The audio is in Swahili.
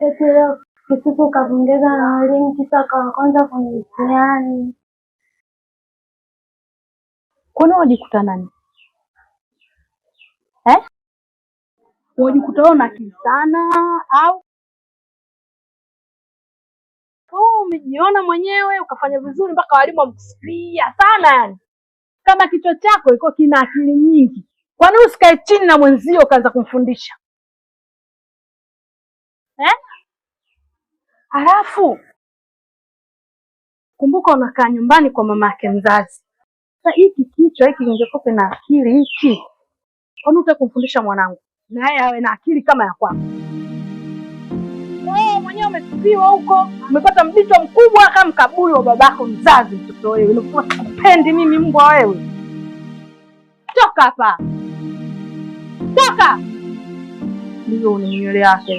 Petro Kisutu kapongezwa na Mwalimu kisa wa kwanza kwenye mtihani kwani wajikuta nani eh? wajikuta wao na sana au umejiona mwenyewe ukafanya vizuri mpaka walimu wamkusifia sana yani kama kichwa chako iko kina akili nyingi kwani usikae chini na mwenzio ukaanza kumfundisha eh? Halafu kumbuka, unakaa nyumbani kwa mama yake mzazi. Sasa hiki kichwa hiki kingekope na akili hiki, kwani uta kumfundisha mwanangu naye awe na akili kama ya kwako? Wewe mwenyewe umetupiwa huko, umepata mdito mkubwa kama kaburi wa babako mzazi. Mtoto wewe, unakuwa kupendi mimi mbwa wewe. Toka hapa, toka! Ndio unamnyelea yake.